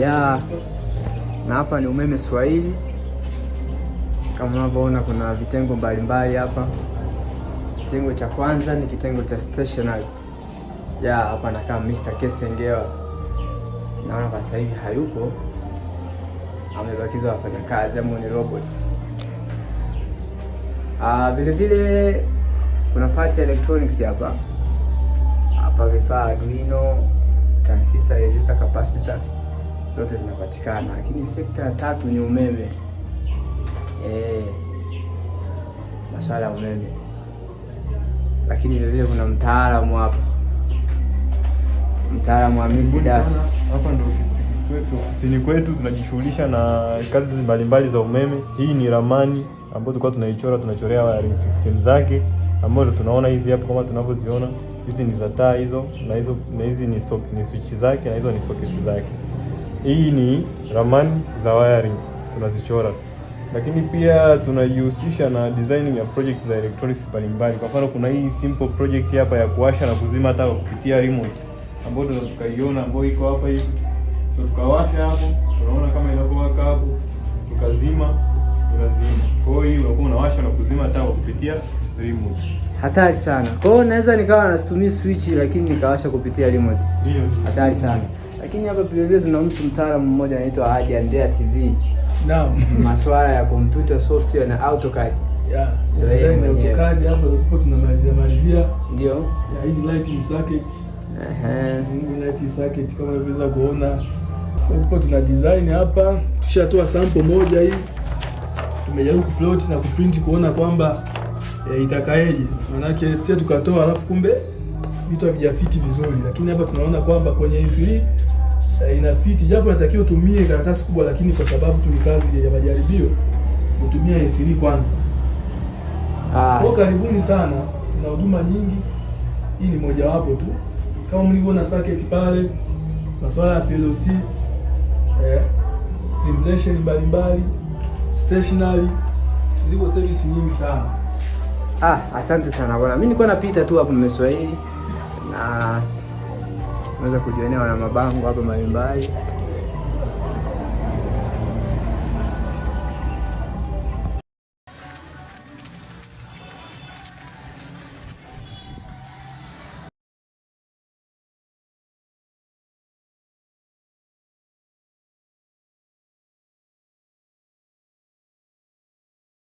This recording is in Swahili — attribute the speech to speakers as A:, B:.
A: ya na hapa ni umeme Swahili kama unavyoona, kuna vitengo mbalimbali hapa. Kitengo cha kwanza ni kitengo cha stationary ya hapa, nakaa Mr. Kesengewa, naona kwa sasa hivi hayupo, amebakizwa wafanyakazi ama ni robots. Ah, vile vile kuna parts ya electronics hapa hapa, vifaa Arduino, transistor, resistor, capacitor zote zinapatikana, lakini sekta ya tatu ni umeme eh, masuala ya umeme. Lakini vile vile kuna mtaalamu hapa, mtaalamu hapa ndio
B: ofisini kwetu tunajishughulisha na kazi mbalimbali za umeme. Hii ni ramani ambayo tulikuwa tunaichora, tunachorea wiring system zake ambayo tunaona hizi hapo, kama tunavyoziona hizi ni za taa hizo, na hizo na hizi ni, so, ni switch zake na hizo ni socket zake. Hii ni ramani za wiring tunazichora, lakini pia tunajihusisha na designing ya projects za electronics mbalimbali. Kwa mfano, kuna hii simple project hapa ya kuwasha na kuzima taa kupitia remote, ambayo tunaweza tukaiona, ambayo iko hapa hivi. Tukawasha hapo, tunaona kama inavyowaka hapo, tukazima, inazima. Kwa hiyo unakuwa unawasha na kuzima taa kupitia remote.
A: Hatari sana. Kwa hiyo naweza nikawa nasitumia switch lakini nikawasha kupitia remote. Ndio. Hatari sana. Lakini hapa vile vile tuna mtu mtaalamu mmoja anaitwa Hadi Andrea TZ. Naam. Masuala ya computer software na AutoCAD.
B: Yeah. Ndio hiyo ni AutoCAD hapa ndipo tunamalizia malizia. Ndio. Ya hii lighting circuit. Ehe. Hii lighting circuit kama unaweza kuona Kwa hiyo tuna design hapa. Tushatoa sample moja hii. Tumejaribu kuplot na kuprint kuona kwamba e, eh, itakaeje? Maanake sisi tukatoa alafu kumbe vitu havijafiti vizuri, lakini hapa tunaona kwamba kwenye hii e, inafiti, japo natakiwa utumie karatasi kubwa, lakini kwa sababu tu ni kazi ya majaribio kutumia hii kwanza. Ah, kwa karibuni sana na huduma nyingi, hii ni mojawapo tu kama mlivyoona socket pale, masuala ya PLC eh, simulation mbalimbali, stationary, ziko service nyingi sana.
A: Ah, asante sana bwana. Mimi nilikuwa napita tu hapa mmeswahili na naweza kujionea wana mabango hapa mbalimbali.